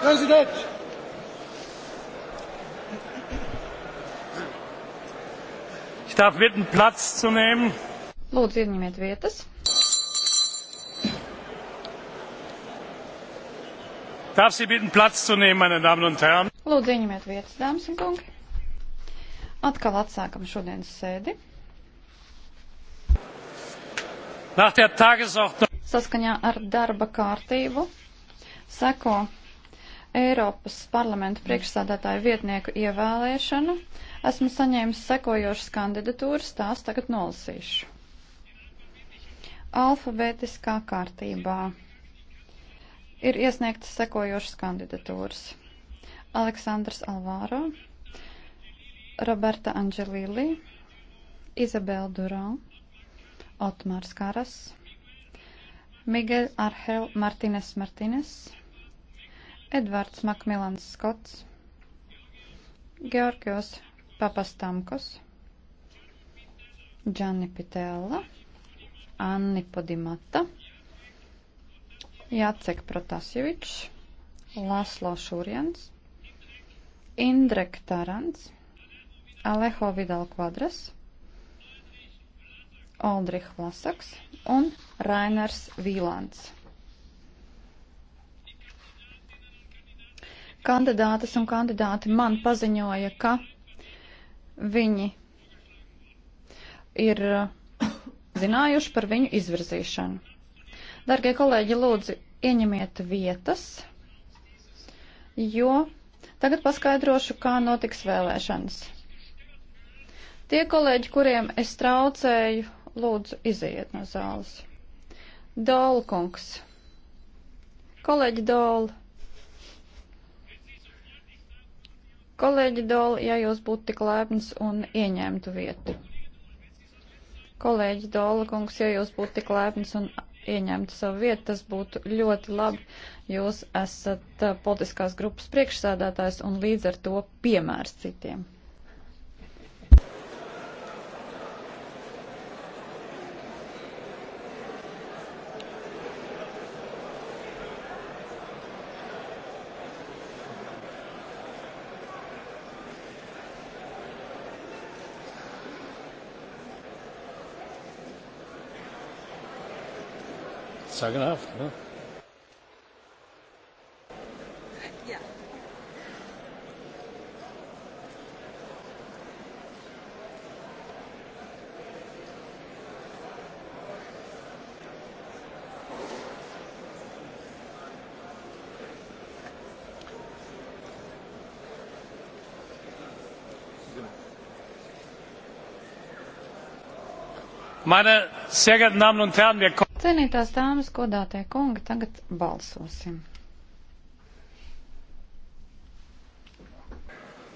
President. Ich darf bitten, Platz zu nehmen. Lūdzu, ieņemiet vietas. Darf Sie bitten, Platz zu nehmen, meine Damen und Herren? Lūdzu, ieņemiet vietas, dāmas un kungi. Atkal atsākam šodienas sēdi. Saskaņā ar darba kārtību seko Eiropas parlamenta priekšsādātāju vietnieku ievēlēšanu. Esmu saņēmis sekojošas kandidatūras, tās tagad nolasīšu. Alfabētiskā kārtībā ir iesniegtas sekojošas kandidatūras. Aleksandrs Alvāro, Roberta Anģelīli, Izabela Durán, Otmārs Karas, Miguel Arhel Martines Martines. Martines Edvards Makmilans Skots, Georgios Papastamkos, Džanni Pitella, Anni Podimata, Jacek Protasjevičs, Laslo Šurjans, Indrek Tarants, Alejo Vidal Kvadras, Oldrich Vlasaks un Rainers Vīlāns. kandidātas un kandidāti man paziņoja, ka viņi ir eh, zinājuši par viņu izvirzīšanu. Dargie kolēģi, lūdzu, ieņemiet vietas, jo tagad paskaidrošu, kā notiks vēlēšanas. Tie kolēģi, kuriem es traucēju, lūdzu, iziet no zāles. Dolkungs. Kolēģi Dola. Kolēģi Doli, ja jūs būtu tik lēpns un ieņemtu vietu. Kolēģi Dola kungs, ja jūs būtu tik lēpns un ieņemtu savu vietu, tas būtu ļoti labi. Jūs esat eh, politiskās grupas priekšsādātājs un līdz ar to piemērs citiem. sagenhaft. Ne? Ja. Meine sehr geehrten Damen und Herren, wir kommen Cienītās dāmas, godātie kungi, tagad balsosim.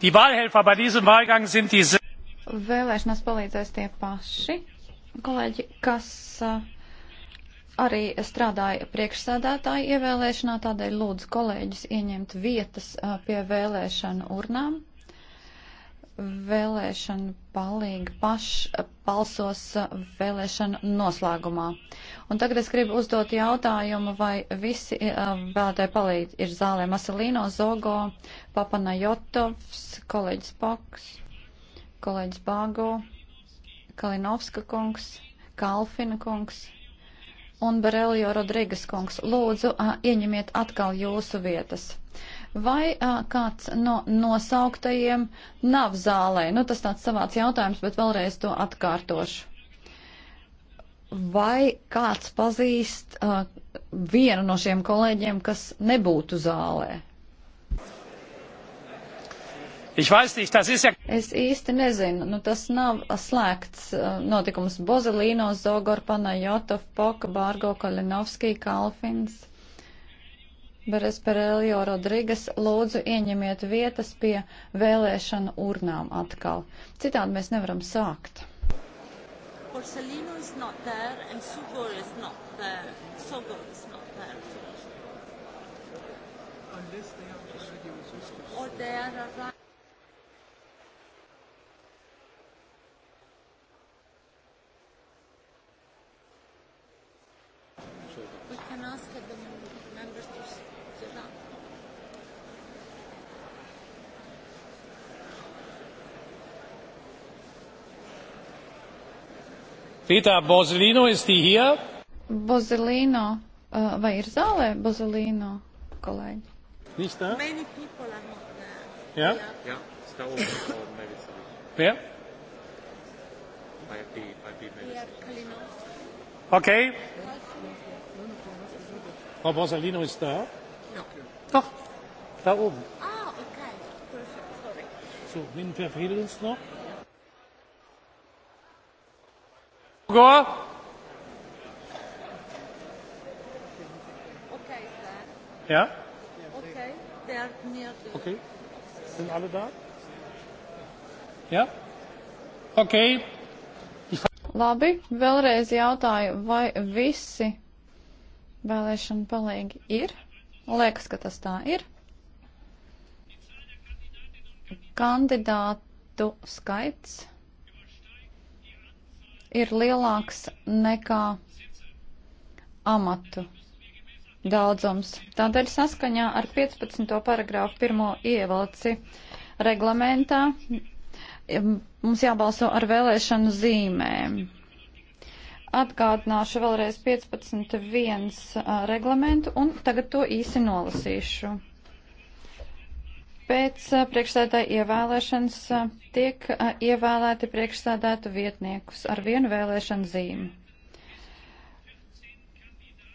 Die Wahlhelfer bei diesem Wahlgang sind dieselben. Vēlēšanās palīdzēs tie paši kolēģi, kas arī strādāja priekšsēdētāju ievēlēšanā, tādēļ lūdzu kolēģis ieņemt vietas pie vēlēšanu urnām vēlēšanu palīgi paš balsos vēlēšanu noslēgumā. Un tagad es gribu uzdot jautājumu, vai visi eh, vēlētāji palīgi ir zālē Masalino, Zogo, Papana Jotovs, kolēģis Poks, kolēģis Bāgo, Kalinovska kungs, Kalfina kungs un Barelio Rodrigas kungs. Lūdzu, eh, ieņemiet atkal jūsu vietas vai uh, kāds no nosauktajiem nav zālē? Nu, tas tāds savāds jautājums, bet vēlreiz to atkārtošu. Vai kāds pazīst uh, vienu no šiem kolēģiem, kas nebūtu zālē? Nicht, ja... Es īsti nezinu, nu, tas nav slēgts uh, notikums. Bozelīno, Zogor, Panajotov, Poka, Bārgo, Kalinovskī, Kalfins. Beres Perelio Rodrigas, lūdzu ieņemiet vietas pie vēlēšanu urnām atkal. Citādi mēs nevaram sākt. Porcelino is not there and Sugo is not there. Sogo is not there. Unless they are already with Or they are arrived. Pītā Bozelīno, es tī hier? Bozelīno, vai ir zālē Bozelīno, kolēģi? Nicht da? Many people are not there. Ja? Ja, ist da oben, maybe it's Wer? IFB, IFB maybe. Okay. Frau oh, Borsalino ist da? No. Doch, da oben. Ah, okay. Perfect. Sorry. So, wen verfehlt uns noch? Go! Okay, sir. Ja? Okay, der near the... Okay. Sind alle da? Ja? Okay. Labi, vēlreiz jautāju, vai visi vēlēšana palīgi ir? Liekas, ka tas tā ir. Kandidātu skaits ir lielāks nekā amatu daudzums. Tādēļ saskaņā ar 15. paragrāfu pirmo ievalci reglamentā mums jābalso ar vēlēšanu zīmēm. Atgādināšu vēlreiz 15.1 reglamentu un tagad to īsi nolasīšu. Pēc eh, priekšsēdētāja ievēlēšanas eh, tiek eh, ievēlēti priekšsēdētu vietniekus ar vienu vēlēšanu zīmi.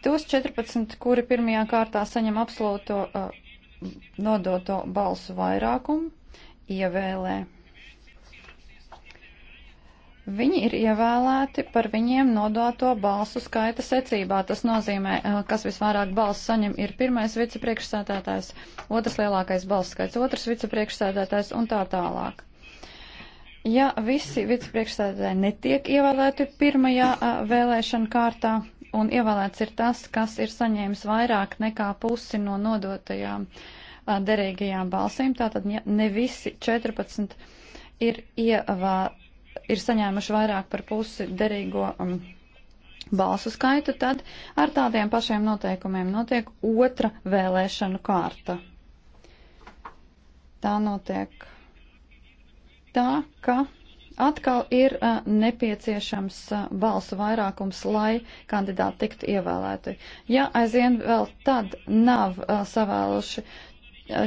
Tos 14, kuri pirmajā kārtā saņem absolūto nodoto balsu vairākumu, ievēlē. Viņi ir ievēlēti par viņiem nodoto balsu skaita secībā. Tas nozīmē, eh, kas visvairāk balsu saņem, ir pirmais vicepriekšsēdētājs, otrs lielākais balsu skaits, otrs vicepriekšsēdētājs un tā tālāk. Ja visi vicepriekšsēdētāji netiek ievēlēti pirmajā eh, vēlēšana kārtā, un ievēlēts ir tas, kas ir saņēmis vairāk nekā pusi no nodotajām eh, derīgajām balsīm. Tātad ne visi 14 ir ievēlēti ir saņēmuši vairāk par pusi derīgo um, balsu skaitu, tad ar tādiem pašiem noteikumiem notiek otra vēlēšanu kārta. Tā notiek tā, ka atkal ir uh, nepieciešams uh, balsu vairākums, lai kandidāti tiktu ievēlēti. Ja aizvien vēl tad nav uh, savēluši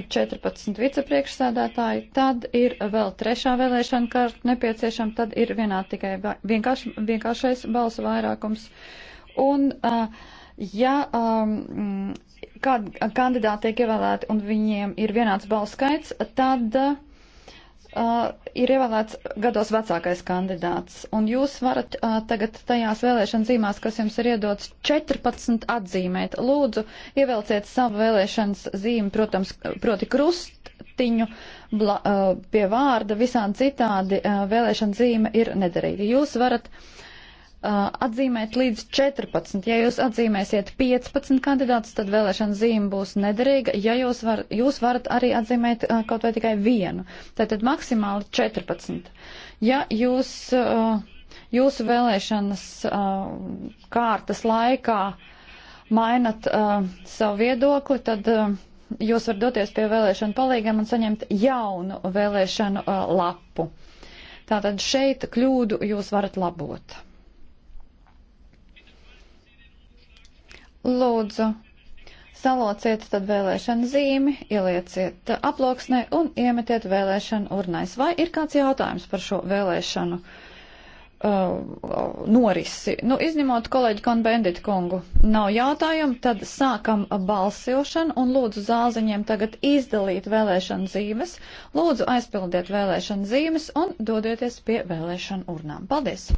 14 vicepriekšsādātāji, tad ir vēl trešā vēlēšana kārta nepieciešama, tad ir vienā tikai vienkārš, vienkāršais balsu vairākums. Un, ja um, kādi kandidāti tiek ievēlēti un viņiem ir vienāds balsu skaits, tad. Uh, uh, ir ievēlēts gados vecākais kandidāts, un jūs varat uh, tagad tajās vēlēšana zīmās, kas jums ir iedots, 14 atzīmēt. Lūdzu, ievelciet savu vēlēšanas zīmi, protams, proti krustiņu bla, uh, pie vārda, visādi citādi uh, vēlēšana zīme ir nederīga. Jūs varat uh, Uh, atzīmēt līdz 14. Ja jūs atzīmēsiet 15 kandidātus, tad vēlēšana zīme būs nederīga, ja jūs, var, jūs varat arī atzīmēt uh, kaut vai tikai vienu. Tātad maksimāli 14. Ja jūs, uh, jūsu vēlēšanas uh, kārtas laikā mainat uh, savu viedokli, tad uh, jūs varat doties pie vēlēšanu palīgiem un saņemt jaunu vēlēšanu uh, lapu. Tātad šeit kļūdu jūs varat labot. Lūdzu, salociet tad vēlēšanu zīmi, ielieciet aploksnē un iemetiet vēlēšanu urnais. Vai ir kāds jautājums par šo vēlēšanu uh, norisi? Nu, izņemot kolēģi Konbendit kungu, nav jautājumu, tad sākam balsošanu un lūdzu zāziņiem tagad izdalīt vēlēšanu zīmes. Lūdzu aizpildiet vēlēšanu zīmes un dodieties pie vēlēšanu urnām. Paldies!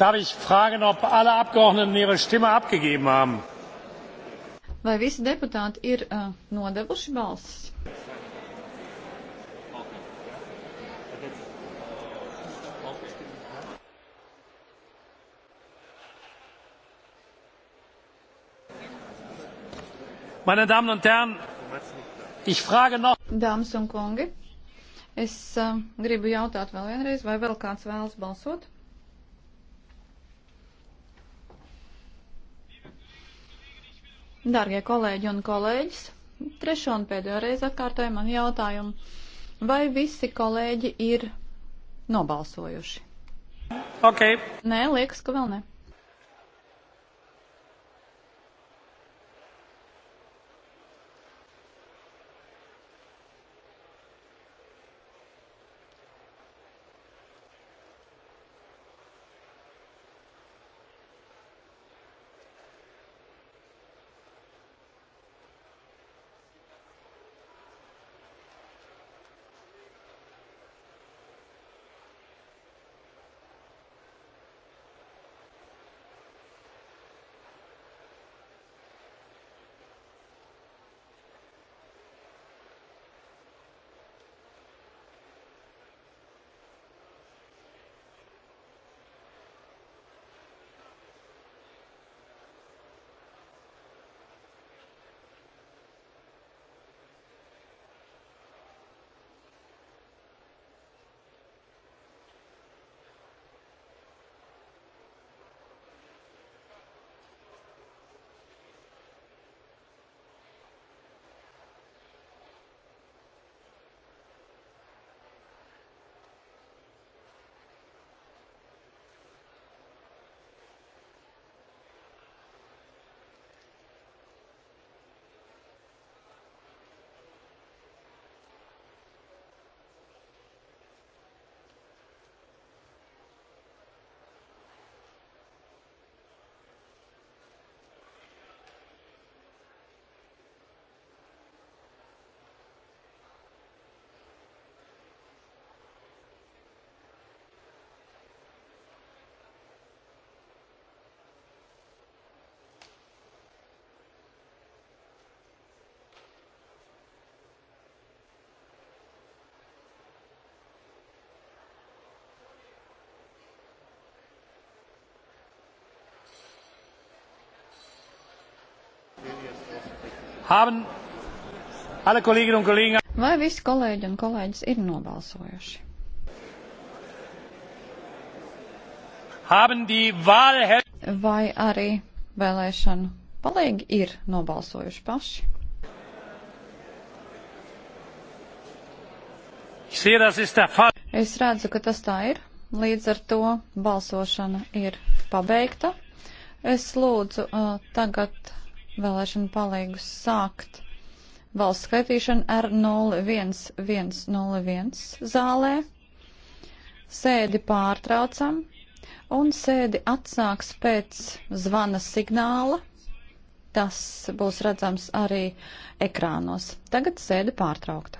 Darf ich fragen, ob alle Abgeordneten ihre Stimme abgegeben haben? Vai visi deputāti ir uh, nodevuši balsis? Meine Damen und Herren, ich frage noch. Dāmas un kungi, es uh, gribu jautāt vēl vienreiz, vai vēl kāds vēlas balsot? Dārgie kolēģi un kolēģis, trešo un pēdējo reizi atkārtoju man jautājumu, vai visi kolēģi ir nobalsojuši? Ok. Nē, liekas, ka vēl ne. Haben alle Kolleginnen un Kollegen. Vai visi kolēģi un kolēģis ir nobalsojuši? Haben die Wahl. Vai arī vēlēšanu palīgi ir nobalsojuši paši? Es redzu, ka tas tā ir. Līdz ar to balsošana ir pabeigta. Es lūdzu uh, tagad vēlēšanu palīgus sākt valsts skaitīšanu ar 01101 zālē. Sēdi pārtraucam un sēdi atsāks pēc zvana signāla. Tas būs redzams arī ekrānos. Tagad sēdi pārtraukta.